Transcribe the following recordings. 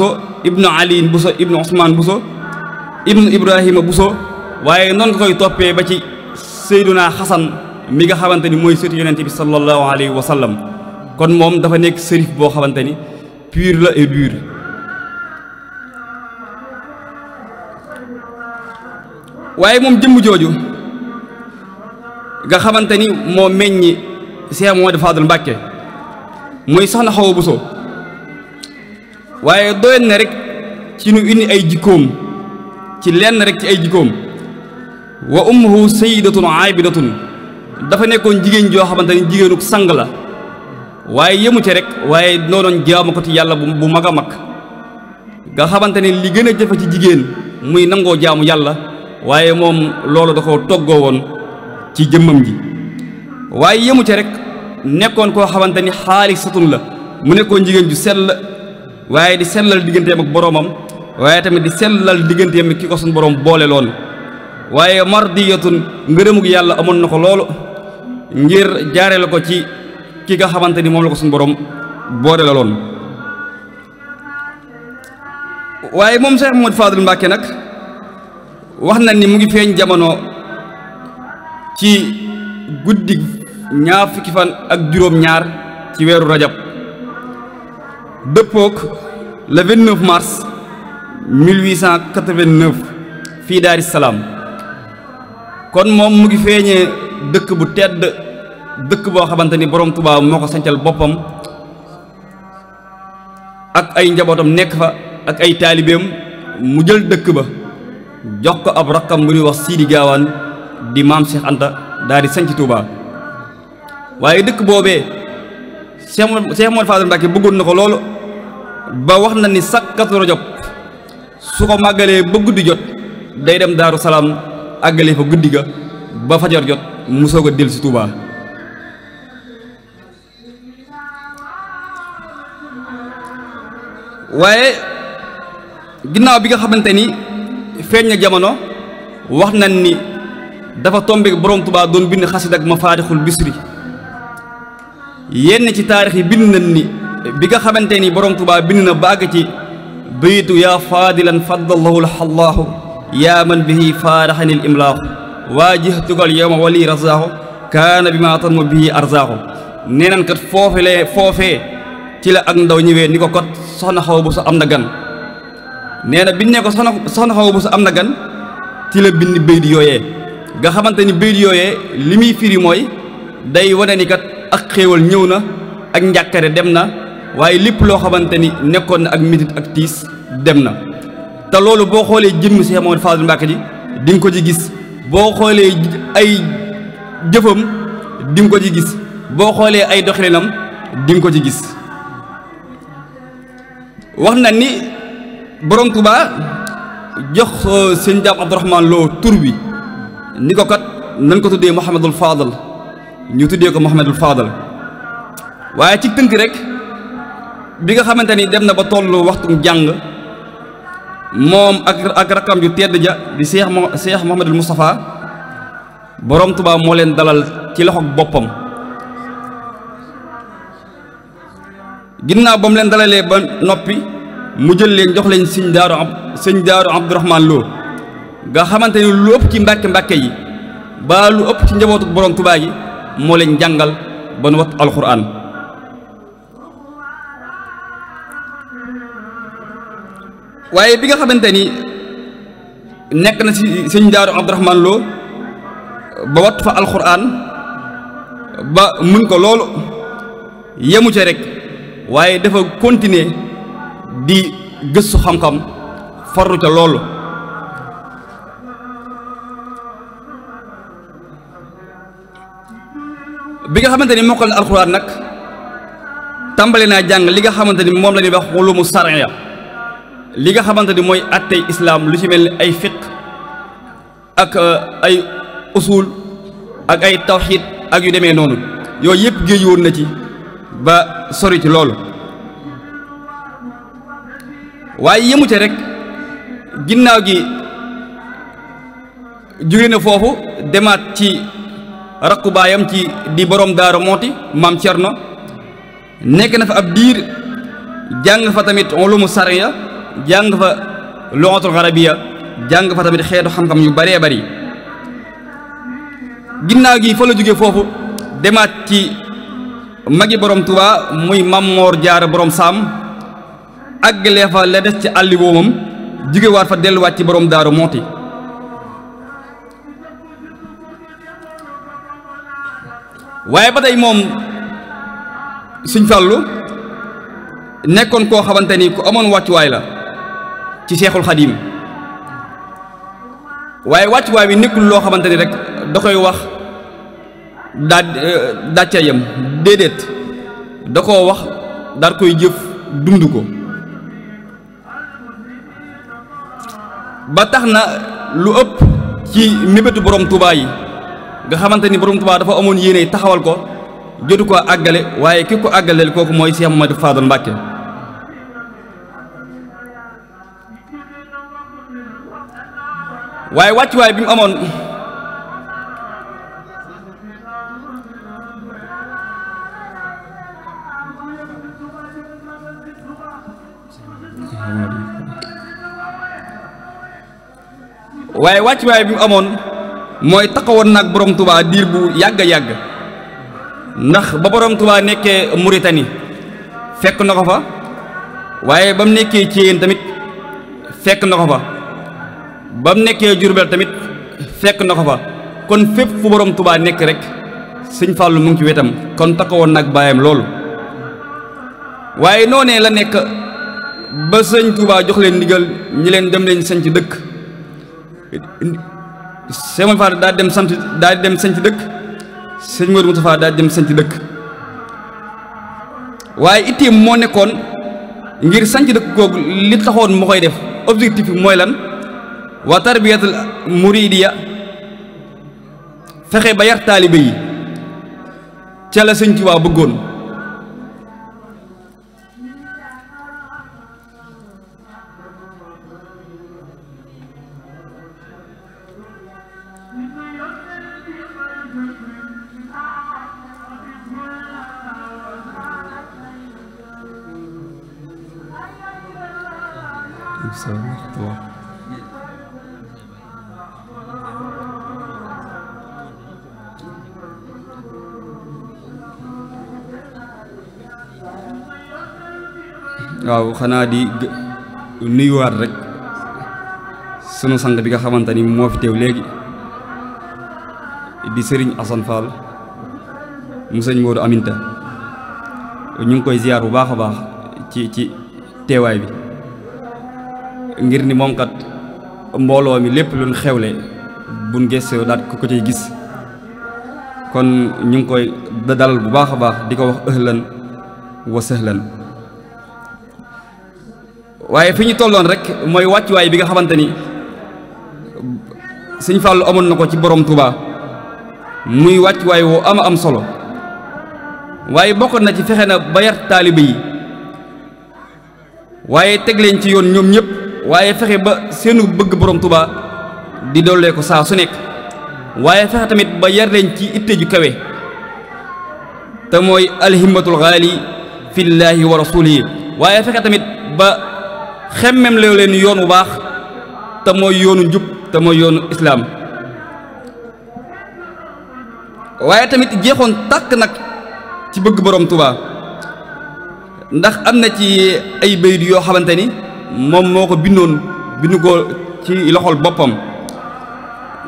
so ibnu ali waaye noonu toppee ba ci seyduna xasan mi nga xamante ni mooy sëtu yonente bi sallallahu alayhi wa sallam kon moom dafa nekk sërif boo xamante ni pur la et dur waaye moom jëmm jooju nga xamante ni moo meññi Cheikh Mouhamadou Fadal Mbàkke na soxna Xawa Buso waaye doyoon na rek ci nu indi ay jikkoom ci lenn rek ci ay jikkoom wa ummuhu sayyidatun aabidatun dafa nekkoon jigéen joo xamante ni jigéenuk sang la waaye yemu ci rek waaye noonoon jaamu ko ci yàlla bu mag a mag nga xamante ne li gën a jafe ci jigéen muy nangoo jaamu yàlla waaye moom loolu da koo toggoo woon ci jëmmam ji waaye yemu ci rek nekkoon koo xamante ni xaalisatun la mu nekkoon jigéen ju sell waaye di sellal digganteem ak boroomam waaye tamit di sellal digganteem ki ko suñu boroom boole loon waaye mardiyatun ngërëmug yàlla amoon na ko loolu ngir jaare ko ci ki nga xamante ni moom la ko suñu boroom boole loon waaye moom Cheikh Mouhamadou Fadil Mbacke nag wax na ni mu ngi feeñ jamono ci guddi ñaar fukki fan ak juróom ñaar ci weeru rajab dëppook le 29 mars 1889 fii Daaru Salaam kon moom mu ngi feeñee dëkk bu tedd dëkk boo xamante ni borom Tuubaa moo ko sancal boppam ak ay njabootam nekk fa ak ay taalibeem mu jël dëkk ba jox ko ab rakkam bu ñuy wax Sidi Gaawaan di maam Cheikh Anta daal di sanc Tuubaa waaye dëkk boobee Cheikh Mouhamed Cheikh Mouhamed Fadal bëggoon na ko loolu ba wax na ni sakkatu rajab su ko màggalee ba guddi jot day dem daaru salaam àggalee fa guddi ga ba fajar jot mu soog a dellu si Touba. waaye ginnaaw bi nga xamante ni feeñ na jamono wax na ni dafa tombe borom Touba doon bind xasid ak ma faarixul bisri yenn ci taarix yi bind nañ ni bi nga xamante ni borom Tuubaa na ba àgg ci baytu yaa faadilan faddallahu lxallaahu yaa man bihi faaraxanil imlaaxu waajihtugal yowma wali razaaxu kaana bi maa tanmu bihi arzaaxu nee nan kat foofe lee foofee ci la ak ndaw ñëwee ni ko kot soxna xaw bu sa am na gan nee na biñ ne ko soxna soxna xaw bu sa am na gan ci la bind baydi yooyee nga xamante ni baydi yooyee li muy firi mooy day wane ni kat ak xéewal ñëw na ak njàkkare dem na waaye lépp loo xamante ni nekkoon na ak métit ak tiis dem na te loolu boo xoolee jëmm Cheikh Mouhamadou Fadil Mbacké ji ko ci gis boo xoolee ay jëfam di ko ci gis boo xoolee ay doxalinam di nga ko ci gis wax na ni borom Tuubaa jox euh, sëñ Jaam Abdourahmane loo tur bi ni ko kat nañ ko tuddee Mouhamadul Fadal ñu tuddee ko Mouhamadul Fadal waaye ci tënk rek bi nga xamante ni dem na ba tollu waxtu jàng moom ak ak rakkam ju tedd ja di seex mo seex Mouhamadul Moustapha borom moo leen dalal ci loxoog boppam. ginnaaw ba mu leen dalalee ba noppi mu jël leen jox leen sëñ daaru ab sëñ daaru Abdourahman lool nga xamante ni lu ëpp ci mbàkke mbàkke yi ba lu ëpp ci njabootu borom Tuubaa yi. moo leen jàngal ba nu wat waaye bi nga xamante ni nekk na ci sëñ daaru Abdourahman Lo ba wat fa alxuraan ba muñ ko loolu yemu ca rekk waaye dafa continuer di gëstu xam-xam farru ca loolu bi nga xamante ni mokkal na alxuraan nag tàmbali naa jàng li nga xamante ni moom la ñuy wax xulumu sariya li nga xamante ni mooy attey islaam lu ci mel ni ay fiq ak uh, ay usul ak ay tawxiid ak yu demee noonu yooyu yëpp géej na ci ba sori ci loolu waaye yëmu ca rek ginnaaw gi jóge na foofu demaat ci rakku ci di boroom Daaru Mooti maam Cerno nekk na fa ab diir jàng fa tamit ulumu sariya jàng fa luxatul arabiya jàng fa tamit xeetu xam-xam yu bëree bëri ginnaaw gi fa la jóge foofu demaat ci magi borom Tuubaa muy Maam Moor Jaara borom Saam àggalee fa la des ci àlli woomam jógewaat fa delluwaat ci borom Daaru Mooti waaye ba tey moom sëñ Fàllu nekkoon koo xamante ni ku amoon wàccuwaay la ci Seexul Xadiim waaye wàccuwaay bi nekkul loo xamante ni rek da koy wax daa euh, dàcca déedéet da koo wax daal koy jëf dund ko ba tax na lu ëpp ci mébétu borom Tuubaa yi nga xamante ni borom Tuubaa dafa amoon yéene taxawal ko jotu ko àggale waaye ki ko àggaleel kooku mooy Cheikh Mamadou Fadal Mbacke waaye wàccuwaay bi mu amoon waaye wàccuwaay bi mu amoon mooy taxawoon nag borom tubaa diir bu yàgg yàgg ndax ba borom tubaa nekkee Mauritanie fekk na ko fa waaye ba mu nekkee Thièyène tamit fekk na ko fa ba mu nekkee Diourbel tamit fekk na ko fa kon fépp fu borom tubaa nekk rek sëñ Fallou mu ngi ci wetam kon taxawoon nag baayam loolu waaye noonee la nekk ba sëñ tubaa jox leen ndigal ñi leen dem leen sañ ci dëkk Sëñ Mor Faati daal dem sant daal di dem sañ ci dëkk sëñ Mor Moustapha daal di dem sañ ci dëkk waaye itteem moo nekkoon ngir sañ ci dëkk googu li taxoon mu koy def objectif bi mooy lan waa tarbiyatul muridiya fexe ba yar taalibe yi ca la sëñ Tuubaa bëggoon waaw xanaa di nuyuwaat rek sunu sang bi nga xamante ni moo fi teew léegi di sëriñ Assane Fall mu sëñ Modou Aminta ñu ngi koy ziyaar bu baax a baax ci ci teewaay bi ngir ni moom kat mbooloo mi lépp luñ xewle buñ gëstoo daal ku ko ciy gis kon ñu ngi koy da dalal bu baax a baax di ko wax ëhlan wa sëhlan waaye fi ñu tolloon rek mooy wàccuwaay bi nga xamante ni sëñ Fallou amoon na ko ci borom Touba muy wàccuwaay woo ama am solo waaye bokkoon na ci fexe na ba yar taalibe yi waaye teg leen ci yoon ñoom ñëpp waaye fexe ba seenu bëgg borom Touba di dollee ko saa su nekk waaye fexe tamit ba yar leen ci itte kawe te mooy alhimmatul xaali fillaahi wa rasuulihi waaye fexe tamit ba xemmem leen leen yoon bu baax te mooy yoonu njub te mooy yoonu islaam waaye tamit jeexoon tàkk nag ci bëgg boroom Tuubaa ndax am na ci ay bayit yoo xamante ni moom moo ko bindoon bindu ko ci loxol boppam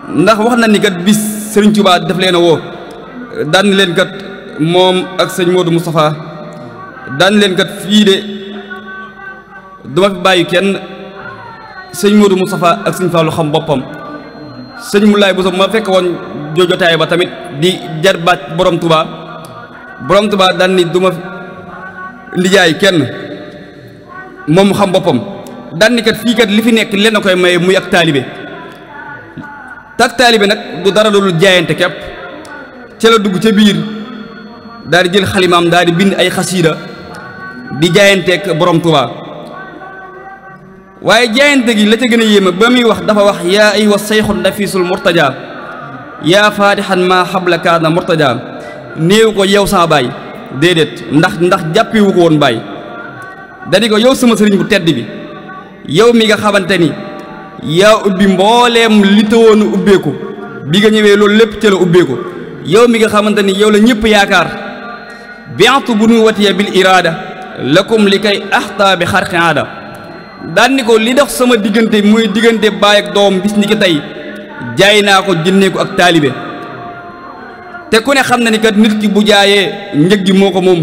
ndax wax na ni kat bis sëriñ Tuubaa daf leen a woo daan leen kat moom ak sëñ Modou Moustapha daan leen fii de duma fi bàyyi kenn sëñ Modou Moustapha ak sëñ Fallou xam boppam sëñ Moulay Bousso ma fekk woon jojotaay ba tamit di jar baat borom Touba borom Touba daan ni kenn moom xam boppam daan ni li fi nekk lenn koy maye muy ak taalibe tak taalibe nag du dara loolu jaayante képp ca la dugg ca biir daal di jël xalimaam daal di bind ay xasiida di jaayanteeg borom Touba waaye jaayante gi la ca gën a yéeme ba muy wax dafa wax yaa aywa sayxul nafiisul murtaja yaa faatixan maa xabla kaana murtaja néew ko yow saa baay déedéet ndax ndax jàppewu ko woon baay dani ko yow sama sëriñ bu tedd bi yow mi nga xamante ni yaa ubbi mbooleem li tawoon ubbeeku bi nga ñëwee loolu lépp ca la ubbeeku yow mi nga xamante ni yow la ñëpp yaakaar biatu bu nuy watiya bil iraada lakum li kay axtaa bi xarqi aada daan ko li dox sama diggante muy diggante baay ak doom bis ni ki tey jaay naa ko jëndee ko ak taalibe te ku ne xam na ni kat nit ki bu jaayee njëg gi moo ko moom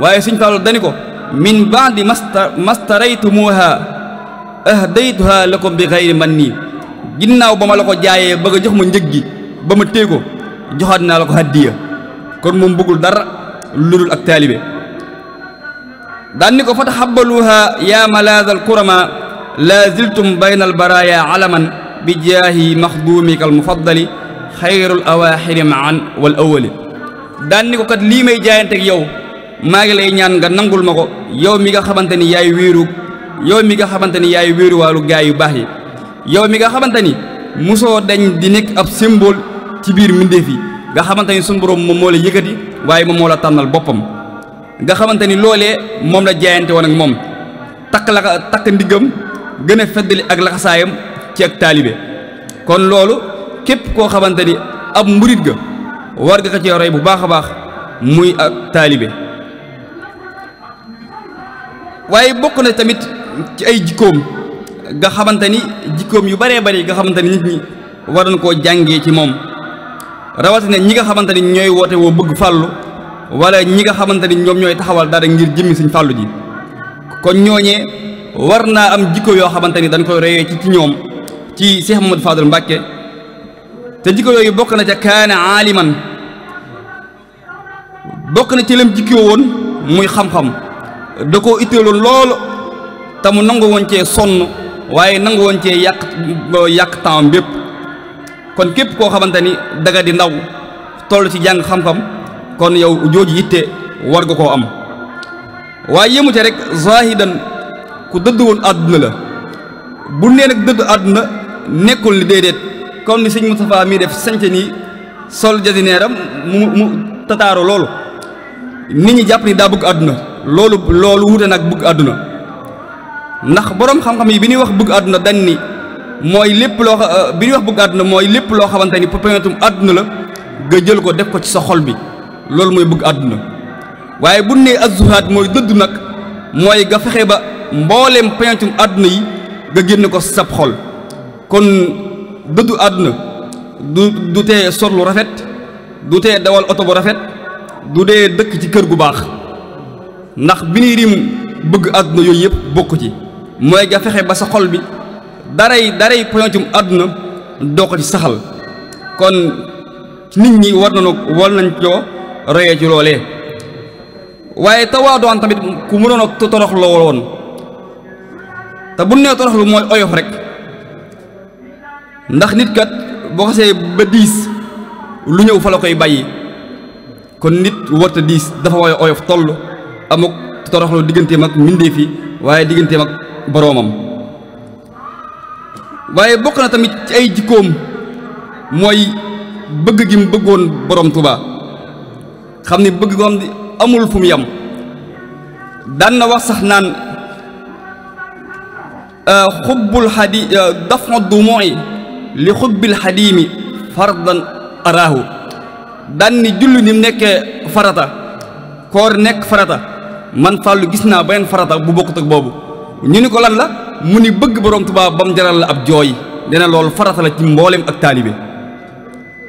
waaye suñ faalu dani ko min ba'di masta mastaraytumuha ahdaytuha lakum bi xayri man nii ginnaaw ba ma la ko jaayee bëgg a jox ma njëg gi ba ma téye ko joxaat naa la ko haddiya kon moom bëggul dara lu ak taalibe daan ni ko fa taxabaluha yaa malaadal kurama laa ziltum bayna albaraya alaman bi jaahi maxduumika almufaddali xayrul awaaxiri maan wal awali daan ni ko kat lii may jaayante ak yow maa ngi lay ñaan nga nangul ma ko yow mi nga xamante ni yaay wéeru yow mi nga xamante ni yaay wéeruwaalu gaay yu baax yi yow mi nga xamante ni musoo dañ di nekk ab symbole ci biir mbindéef yi nga xamante ni sunu borom moom moo la yëkkati waaye moom la tànnal boppam nga xamante ni loolee moom la jaayante woon ak moom takk la takk ndiggam gën a feddali ak laxasaayam ci ak taalibe kon loolu képp koo xamante ni ab mburit ga war nga ko cee roy bu baax a baax muy ak taalibe waaye bokk na tamit ci ay jikkoom nga xamante ni jikkoom yu baree bari nga xamante ni nit ñi waroon koo jàngee ci moom rawatina ñi nga xamante ni ñooy woote woo bëgg fàllu wala ñi nga xamante ni ñoom ñooy taxawal dara ngir jëmmi suñ fàllu ji kon ñooñee war naa am jikko yoo xamante ni dañ koy reyee ci ci ñoom ci Cheikh Mamadou Fadal Mbàkke te jikko yooyu bokk na ca kaana aaliman bokk na ci lam jikkoo woon muy xam-xam da ko itteeloon loolu tamu mu nangu woon cee sonn waaye nangu woon cee yàq yàq temps bépp kon képp koo xamante ni daga di ndaw toll ci jàng xam-xam kon yow jooju itte war nga koo am waaye yëmu ca rek zaahidan ku dëdd woon àdduna la bu nee nag dëdd àdduna nekkul ni déedéet comme ni sëñ def sanc ni sol jasineeram mu mu tataaru loolu nit ñi jàpp ni daa bëgg àdduna loolu loolu wuute nag bëgg àdduna ndax boroom xam-xam yi bi ñuy wax bëgg àdduna dañ ni mooy lépp loo bi ñuy wax bëgg àdduna mooy lépp loo xamante ni peñatum àdduna la nga jël ko def ko ci sa xol bi loolu mooy bëgg àdduna waaye bu nee azzuhaad mooy dëdd nag mooy nga fexe ba mbooleem peñatum àdduna yi nga génne ko sab xol kon dëddu àdduna du du tee sorlu rafet du tee dawal oto bu rafet du dee dëkk ci kër gu baax ndax bi ñuy rim bëgg àdduna yooyu yëpp bokk ci mooy nga fexe ba sa xol bi daray daray poñoncum àdduna doo ko ci saxal kon nit ñi war nañu war nañ coo royee ci loolee waaye tawaadoon tamit ku mënoon a torox woon te bu nee toroxlu mooy oyof rek ndax nit kat boo xasee ba diis lu ñëw fa la koy bàyyi kon nit warta diis dafa waye oyof toll amuk toroxlu digganteem ak mbindeef waaye digganteem ak boroomam waaye bokk na tamit ci ay jikkoom mooy bëgg gi mu bëggoon borom Tuubaa xam ne bëgg ko am amul fu mu yem daan na wax sax naan euh, xubbul xadi euh, dafa du mooy li xubbil xadiimi fardan araahu daan ni julli ni mu nekkee farata koor nekk farata man fàllu gis naa beneen farata bu bokkut ak boobu ñu ni ko lan la mu ni bëgg borom Tuubaa ba mu jaral la ab jooy dina loolu farata la ci mboolem ak taalibe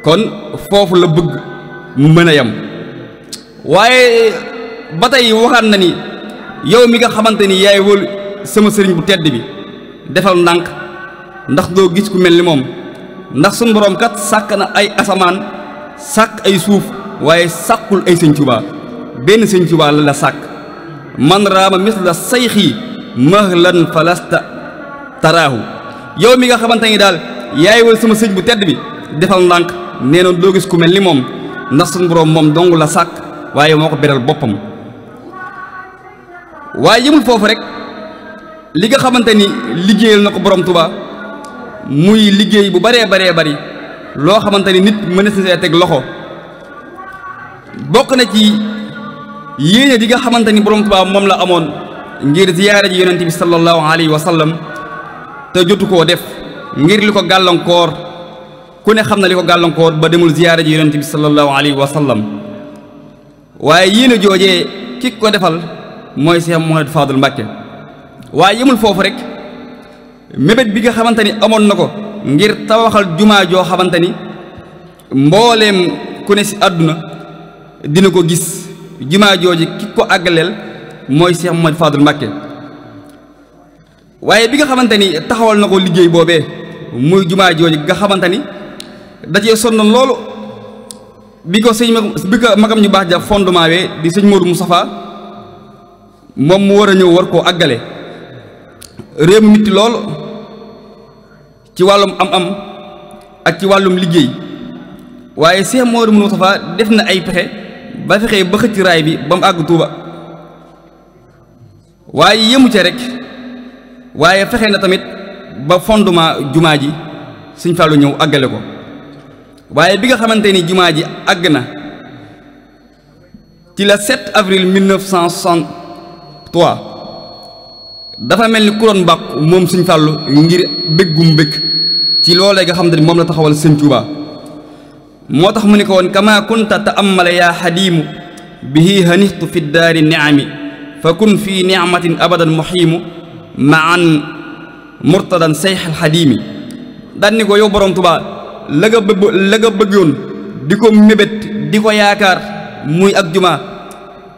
kon foofu la bëgg mën a yem waaye ba tey waxaat na ni yow mi nga xamante ni yaay wóolu sama sëriñ bu tedd bi defal ndànk ndax doo gis ku mel ni moom ndax suñu boroom kat sàkk na ay asamaan sàkk ay suuf waaye sàkkul ay sëñ benn sëñ Tuubaa la sàkk man raama misla sayxi mahlan falasta taraahu yow mi nga xamante ni daal yaay wóolu sama sëriñ bu tedd bi defal ndànk nee na doo gis ku mel ni moom ndax suñu boroom moom dong la sàkk waaye moo ko beral boppam waaye yëmul foofu rek li nga xamante ni liggéeyal na ko boromtuba muy liggéey bu baree baree bari loo xamante ni nit mënees na see teg loxo bokk na ci yéene di nga xamante ni borom Tuubaa moom la amoon ngir ziyaara ji yonent bi sallallahu alayhi wa sallam te jotu koo def ngir li ko gàllankoor ku ne xam na li ko gàllankoor ba demul ziyaara ji yonent bi sallallahu alayhi wa sallam waaye yéene joojee ki ko defal mooy Cheikh Mouhamed Fadul Mbàkke waaye yemul foofu rek mébét bi nga xamante ni amoon na ko ngir tawaxal jumaa joo xamante ni mbooleem ku ne si àdduna dina ko gis jumaa jooje ki ko àggaleel mooy Cheikh Mouhamed Fadul Mbàkke waaye bi nga xamante ni taxawal na ko liggéey boobee muy jumaa jooje nga xamante ni da cee sonnoon loolu bi ko sëñ bi ko magam ñu baax ja fondement we di sëñ Modou Moustapha moom mu war a ñëw war koo àggale réew mi mitti lool ci wàllum am-am ak ci wàllum liggéey waaye sëñ Modou Moustapha def na ay pexe ba fexe ba xëcc raay bi ba mu àgg Touba waaye yëmu ca rek waaye fexe na tamit ba fondement jumaa ji sëñ Fallou ñëw àggale ko. waaye bi nga xamante ni jumaa ji àgg na ci la 7 avril 1963 dafa mel ni ku bàqu moom Sëñ Fàllu ngir bëggum bëgg ci loolee nga xam ne moom la taxawal Sëñ Tuubaa moo tax mu ni ko woon kama kunta ta'ammala yaa xadiimu bihi hanixtu fi daari niami fa kun fi nicmatin abadan muxiimu ma an murtadan sayx alxadiimi daan ni ko yow boroom Tuubaa la nga la nga bëggoon di ko mébét di ko yaakaar muy ak jumaa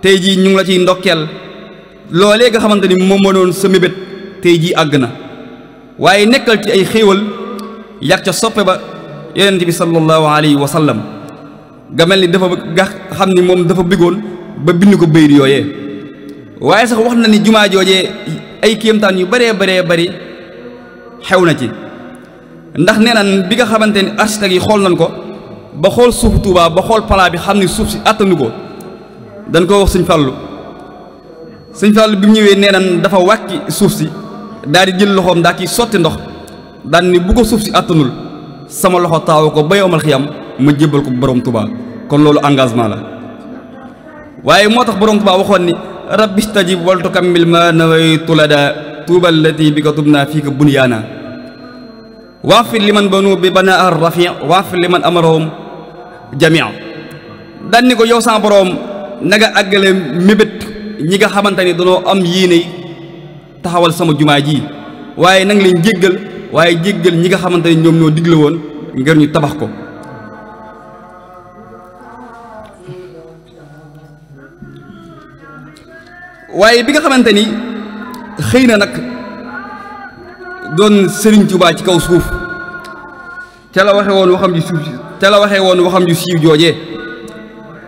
tey jii ñu la ciy ndokkeel loole nga xamante ni moom moo doon sa mébét tey jii àgg na waaye nekkal ci ay xéewal yàq ca soppe ba yonent bi sallallahu alayhi wa sallam nga mel ni dafa nga xam ni moom dafa bëggoon ba bind ko bayit yooyee waaye sax wax na ni jumaa jooje ay kéemtaan yu baree baree bari xew na ci ndax nee nan bi nga xamante ni architecte yi xool nañ ko ba xool suufu Touba ba xool palaa bi xam ni suuf si àttanu ko dañ ko wax sëñ Fallou sëñ Fallou bi mu ñëwee nee nan dafa wàkki suuf si daal di jël loxoom ndax ciy sotti ndox daan ni bu ko suuf si àttanul sama loxo taaw ko ba yomal xiyam ma jébbal ko borom Touba kon loolu engagement la waaye moo tax borom Touba waxoon ni rabbi stajib waltu kammil ma nawaytu lada tuubal lati bi ko tub naa fii ko bunyaana waafir li man banu bi bana ar rafi waafir li man amarahum jamia daan ko yow sama boroom na nga àggale mébét ñi nga xamante ni danoo am yéene taxawal sama jumaa ji waaye nanga leen jéggal waaye jéggal ñi nga xamante ni ñoom ñoo digle woon ngir ñu tabax ko waaye bi nga xamante ni xëy na nag doon sëriñ Tuubaa ci kaw suuf te la waxe woon waxam ju suuf te la waxee woon waxam ju siiw joojee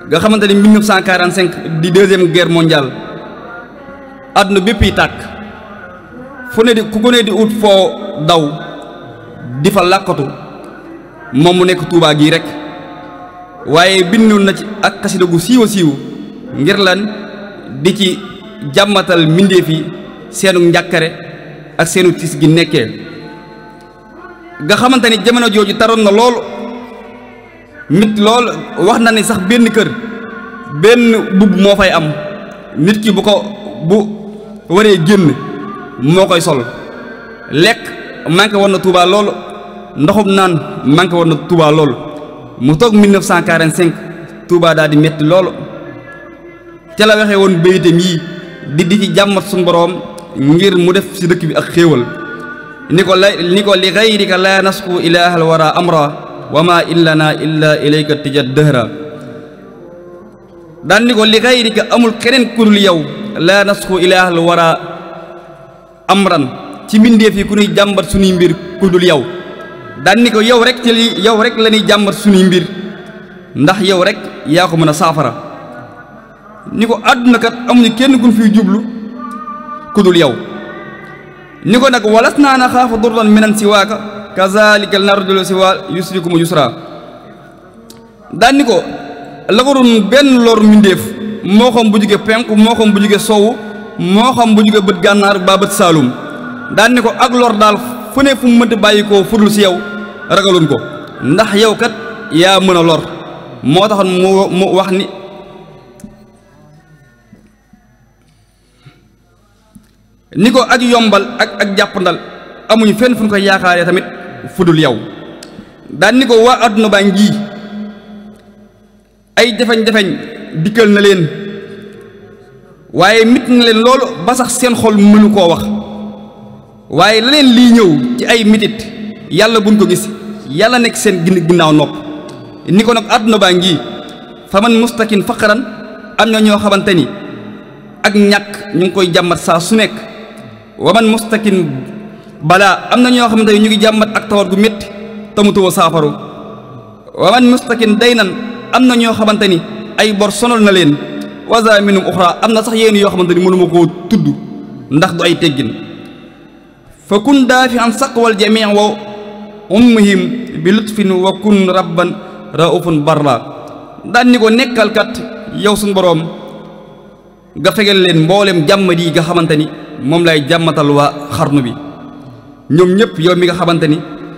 nga xamante ni 1945 di deuxième guerre mondiale àdduna bépp yi tàkk fu ne di ku ko di ut foo daw di fa làkkatu moom mu nekk tuuba gi rek waaye bindul na ci ak xasida gu siiw a siiw ngir lan di ci jàmmatal mbindéef yi seenu njàkkare ak seenu tis gi nekkee nga xamante ni jamono jooju taroon na lool nit lool wax na ni sax benn kër benn mbubb moo fay am nit ki bu ko bu waree génn moo koy sol lekk manqué woon na Touba lool ndoxum naan manqué woon na Touba lool mu toog 1945 Touba daal di metti lool ca la waxee woon béyitam yii di di ci jàmmat suñu boroom ngir mu def ci dëkk bi ak xéewal ni ko la ni ko li gayrika laa nasku ilaa al wara amra wa ma illana illa ilayka tijat dëhra daan ni ko li gayrika amul keneen ku dul yow laa nasku ilaa al amran ci mbindeef yi ku ñuy jàmbat suñuy mbir ku dul yow daan ko yow rek ci yow rek la ñuy jàmbat suñuy mbir ndax yow rek yaa ko mën a saafara ni ko àdduna kat amuñu kenn gun fi jublu kudul yow ni ko nag walas naa na xaafa durran minan siwaaka kazalika narjulu siwa yusrikum yusra daan ni ko lagarun benn lor mbindéef moo xam bu jóge penk moo xam bu jóge sowu moo xam bu jóge bët gànnaar baa bët saalum daan ni ko ak lor daal fu ne fu mu mënti bàyyi koo fudul si yow ragalun ko ndax yow kat yaa mën a lor moo taxoon mu wax ni ni ko ak yombal ak ak jàppandal amuñu fenn fu ko koy yaakaaree tamit fudul yow daan ni ko waa àdduna baa ngi ay jafeñ-jafeñ dikkal na leen waaye mit na leen loolu ba sax seen xol mënu koo wax waaye la leen lii ñëw ci ay mitit yàlla buñ ko gis yàlla nekk seen ginnaaw nopp ni ko nag àdduna baa ngi fa man mustakin faqaran am na ñoo xamante ni ak ñàkk ñu ngi koy jàmbat saa su nekk waman mustakin balaa am na ñoo xamante ni ñu ngi jàmbat ak tawar gu metti tamutuwa saafaru waman mustakin day nan am na ñoo xamante ni ay bor sonal na leen wasa minum uxra am na sax yéen yoo xamante ni mënuma koo tudd ndax du ay teggin fa kun daafi an saqwal jamii wa ummihim bi lutfin wa kun rabban raufun barra daan ni ko nekkalkat yow suñu boroom nga fegal leen mbooleem jàmm yi nga xamante ni moom lay jàmmatal wa xarnu bi ñoom ñëpp yow mi nga xamante ni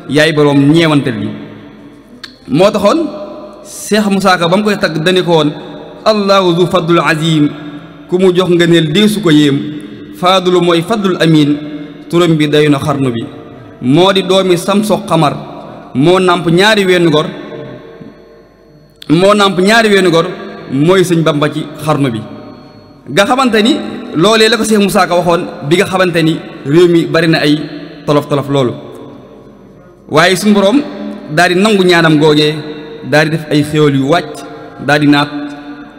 yaay boroom ñeewante bi moo taxoon Seex musaaka Ka ba mu koy tagg dani ko woon allahu zu fadlul azim ku mu jox nga neel deesu ko yéem faadulu mooy fadlul amin turam bi dayu na xarnu bi moo di doomi samso xamar moo nàmp ñaari weenu gor moo nàmp ñaari weenu gor mooy sëñ Bamba ci xarnu bi nga xamante ni loole la ko Cheikh Moussa ko waxoon bi nga xamante ni réew mi bari na ay tolof-tolof loolu waaye suñu boroom daal di nangu ñaanam googee daal di def ay xéwal yu wàcc daal di naat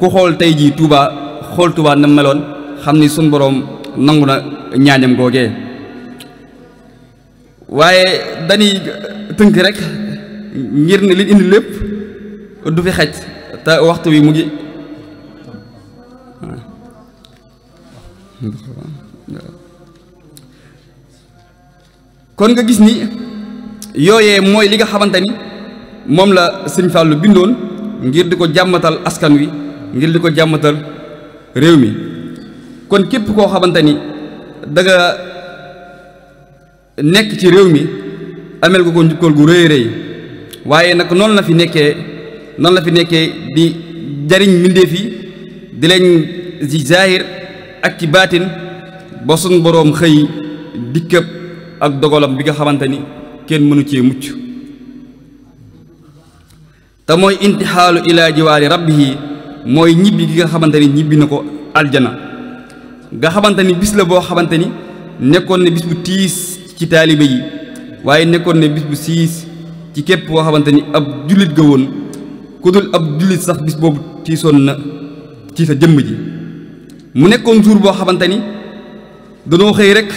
ku xool tey jii tuuba xool Touba na meloon xam ni suñu boroom nangu na ñaanam googe waaye dañuy tënk rek ngir ne liñ indi lépp du fi xaj te waxtu wi mu ngi kon nga gis ni yooyee mooy li nga xamante ni moom la sëñ Fallou bindoon ngir di ko jàmbatal askan wi ngir di ko jàmmatal réew mi kon képp koo xamante ni da nekk ci réew mi ameel ko ko njukkal gu rëy rëy waaye nag noonu la fi nekkee noonu la fi nekkee di jariñ mbindeef yi di leen ci zaahir ak ci baatin ba sun boroom xëy dikkëb ak dogalam bi nga xamante ni kenn mënu cee mucc te mooy intixaalu ilaa jiwaari rabbihi mooy ñibbi gi nga xamante ni ñibbi na ko aljana nga xamante ni bis la boo xamante ni nekkoon ne bis bu tiis ci taalibe yi waaye nekkoon ne bis bu siis ci képp koo xamante ni ab jullit ga woon ku dul ab jullit sax bis boobu tiisoon na ci sa jëmm ji mu nekkoon jour boo xamante ni danoo xëy rek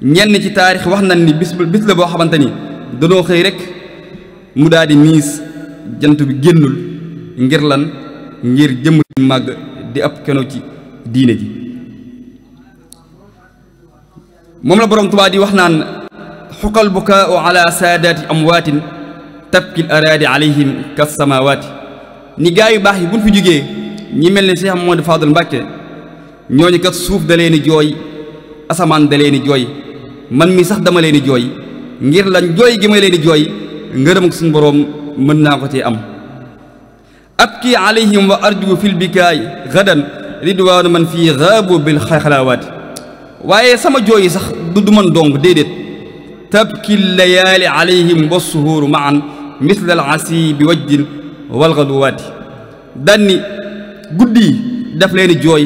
ñenn ci taarix wax nañ ni bis bis la boo xamante ni danoo xëy rek mu daal di miis jant bi génnul ngir lan ngir jëmm màgg di ab keno ci diine ji moom la boroom Tuubaa di wax naan xuqal bukaau ala saadaati amwaatin tabkil araadi alayhim kas samawaati ni gaa yu baax yi buñ fi jógee ñi mel ne Cheikh Mamadou Fadal Mbàkke ñooñu kat suuf da di jooy asamaan da leen di jooy man mi sax dama leen di jooy ngir lañ jooy gi ma leen di jooy ngërëm ak suñu boroom mën naa ko ci am abki alayhim wa arju fil bikaay gadan ridwaanu man fii gaabu bil xalaawaati waaye sama jooyi sax du du man dong déedéet tabki layaali alayhim wa suhuuru maan misla al asiibi wajjin walgaduwaati danni guddi yi daf leen jooy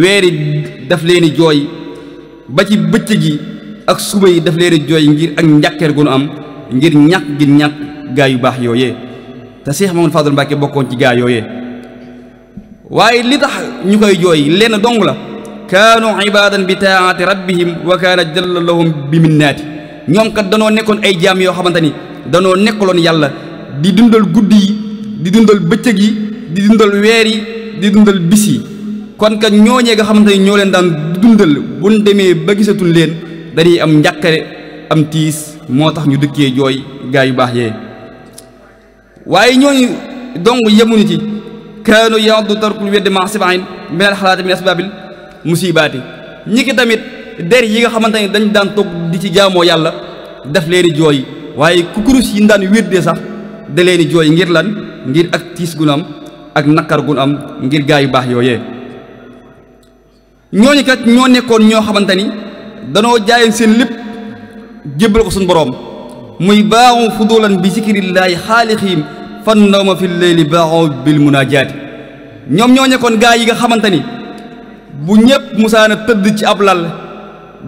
weer yi leen di jooy ba ci bëccëg yi ak suba yi daf leen jooy ngir ak njàkkeer gu nu am ngir ñàkk gi ñàkk gaa yu baax yooyee te Cheikh Mamadou Fadal Mbacke bokkoon ci gaa yooyee waaye li tax ñu koy jooy lenn dong la kaanu ibadan bi taati rabbihim wa kaana jalla lahum bi minnaati ñoom kat danoo nekkoon ay jaam yoo xamante ni danoo nekkaloon yàlla di dundal guddi yi di dundal bëccëg yi di dundal weer di dundal bis yi kon kat ñooñee nga xamante ni ñoo leen daan dundal bu ñu demee ba gisatul leen dañuy am njàkkare am tiis moo tax ñu dëkkee jooy gaa yu baax yee waaye ñooñu dong yemuñu ci kaanu yaddu tarkul weddi ma sibain min al xalaati min asbaabil musibaati ñi ki tamit der yi nga xamante ni dañ daan toog di ci jaamoo yàlla def leeni jooy waaye kukurus yi daan wérdee sax da leeni jooy ngir lan ngir ak tiis gunam ak naqar am ngir gaa yu baax yooyee ñooñu ñoo nekkoon ñoo xamante ni danoo jaayeen seen lépp jébbal ko suñu boroom muy baaxu fudulan bi zikrillaahi xaalixiim fan nawma fi leyli baaxu bil munaajaati ñoom ñoo nekkoon gaa yi nga xamante ni bu ñépp musaana tëdd ci ab lal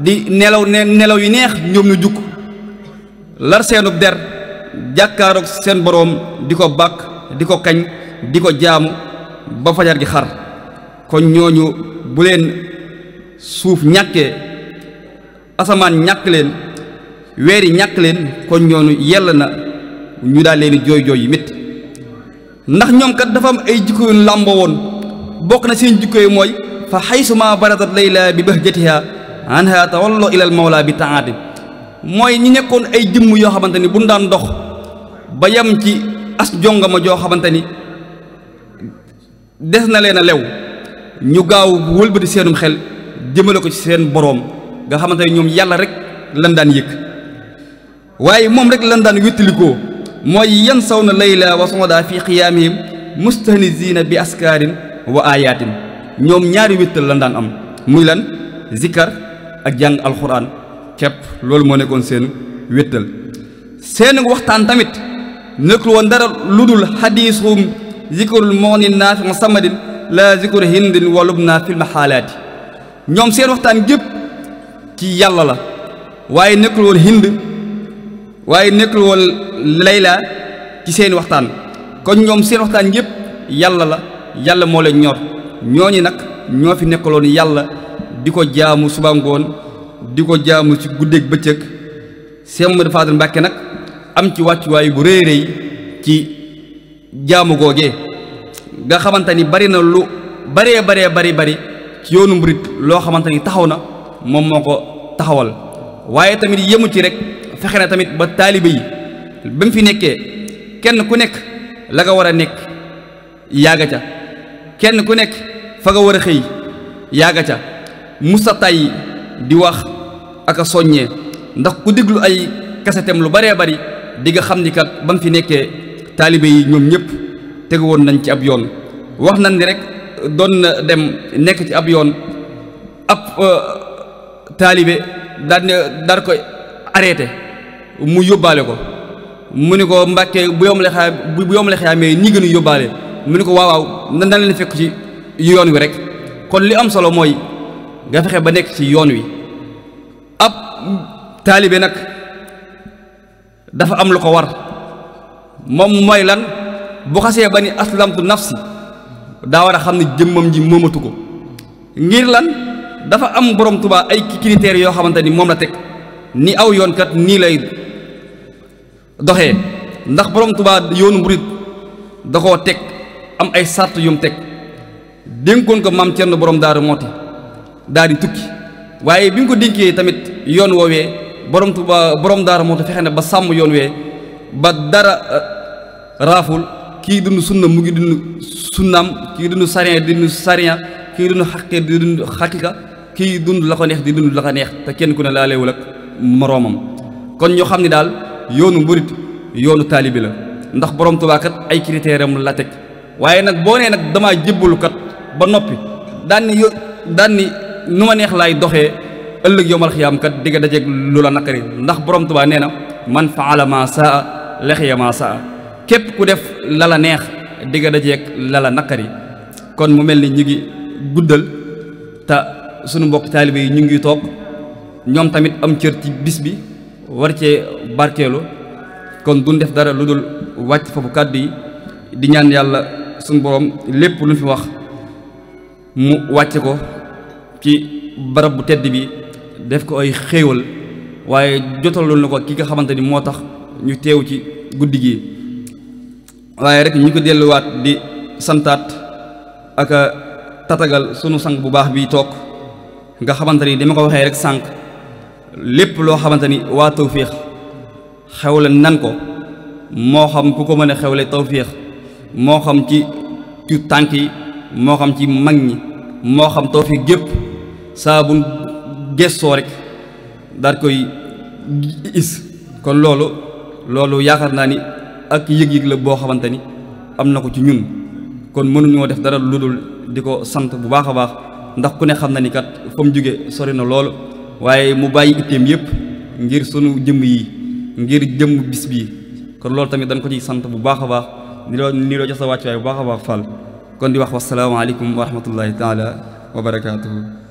di nelaw ne nelaw yu neex ñoom ñu jukk lar seenub der jàkkaaroog seen boroom di ko bàkk di ko kañ di ko jaamu ba fajar gi xar kon ñooñu bu leen suuf ñàkkee asamaan ñàkk leen weer yi ñàkk leen kon ñooñu yell na ñu daal leen jooy jooy yi métti ndax ñoom kat dafa am ay jikko yu làmboo woon bokk na seen jikko yi mooy fa xaysuma baratat layla bi bahjatiha anha tawallo ilal mawla bi taati mooy ñi nekkoon ay jëmm yoo xamante ni bu ñu daan dox ba yem ci as jongama joo xamante ni des na leen a lew ñu gaaw wëlbati seenum xel jëmale ko ci seen boroom nga xamante ne ñoom yàlla rek lan daan yëg waaye moom rek lan daan wéttalikoo mooy yan saw na layla wa soda fi qiyaamihim mustahnisiina bi askaarin wa ayaatin ñoom ñaari wéttal lan daan am muy lan zikkar ak jàng alxuraan képp loolu moo nekkoon seen wéttal seen waxtaan tamit nekkul woon dara lu dul xadiisum zikrul mooni naafi samadin la zikru hindin walub naa fil maxaalaati ñoom seen waxtaan gépp ci yàlla la waaye nekkul woon hind waaye nekkul woon layla ci seen waxtaan kon ñoom seen waxtaan yépp yàlla la yàlla moo leen ñor ñooñi nag ñoo fi nekkaloon yàlla di ko jaamu suba ngoon di ko jaamu ci guddeeg bëccëg Seex Mamadu Fadal Mbàkke nag am ci wàccuwaay bu rëy rëy ci jaamu googee nga xamante ni bari na lu baree baree bari bari ci yoonu murit loo xamante ni taxaw na moom moo ko taxawal waaye tamit yëmu ci rek fexe na tamit ba taalibe yi ba mu fi nekkee kenn ku nekk la nga war a nekk yàgg ca kenn ku nekk fa nga war a xëy yàgg ca musa tàyyi di wax ak a soññee ndax ku déglu ay kasetem lu baree bari di xam ni kat ba mu fi nekkee taalibe yi ñoom ñëpp tegu woon nañ ci ab yoon wax nañ ni rek doon na dem nekk ci ab yoon ab euh, taalibe daan dar ko arrêté mu yóbbaale ko mu ni ko mbàkkee bu ñi gënu yóbbaale mu ni ko waaw waaw nan fekk ci yoon wi rek kon li am solo mooy nga fexe ba nekk ci yoon wi ab taalibe nag dafa am lu ko war moom mooy lan bu xasee ba ni aslamtu nafsi daa war a xam ne jëmmam ji moomatu ko ngir lan dafa am borom tubaa ay critères yoo xamante ni moom la teg ni aw yoon kat nii lay doxe ndax borom tubaa yoonu murit da koo teg am ay sart yum teg dénkoon ko maam Cerno borom daaru mooti daal di tukki waaye bi nga ko dénkee tamit yoon woowee borom tubaa borom daaru mooti fexe na ba sàmm yoon wee ba dara euh, raaful kii dund sunna mu ngi dund sunnaam kii dund sariya di dund sariya kii dund xaqi kii dund la ko neex di dund la ko neex te kenn ku ne laaleewul ak moroomam kon ñoo xam ne daal yoonu murit yoonu taalibi la ndax boroom Tuubaa kat ay critères la teg waaye nag boo nee nag dama jébbalu kat ba noppi daan ni yo daan ni nu ma neex laay doxe ëllëg yowmal xiyaam kat di nga dajeeg lu la naqari ndax borom Tuubaa nee na man faala ma saa lexiya ma saa képp ku def lala neex di nga dajeek la naqari kon mu mel ni ñu ngi guddal te sunu mbokk taalibe yi ñu ngi toog ñoom tamit am cër ci bis bi war cee barkeelu kon duñ def dara lu dul wàcc foofu kàddu yi di ñaan yàlla sunu borom lépp lu fi wax mu wàcce ko ci barab bu tedd bi def ko ay xéewal waaye jotalul na ko ki nga xamante ni moo tax ñu teewu ci guddi gi waaye rek ñu ko delluwaat di santaat ak a tatagal sunu sang bu baax bi toog nga xamante ni dama ko waxee rek sànq lépp loo xamante ni waa tawféex xewle nan ko moo xam ku ko mën a xewle tawféex moo xam ci ci tànk yi moo xam ci mag ñi moo xam tawféex gépp saa bu gëstoo rek daal koy gis kon loolu loolu yaakaar naa ni ak yëg-yëg la boo xamante ni am na ko ci ñun kon mënuñoo def dara lu dul di ko sant bu baax a baax ndax ku ne xam na ni kat fa jóge sori na lool waaye mu bàyyi itteem yépp ngir sunu jëmm yi ngir jëmm bis bii kon loolu tamit dañ ko ciy sant bu baax a baax ni loo nii loo jox sa wàccuwaay bu baax a baax Fall kon di wax wasalaamaaleykum wa rahmatullahi taala wa barakaatuhu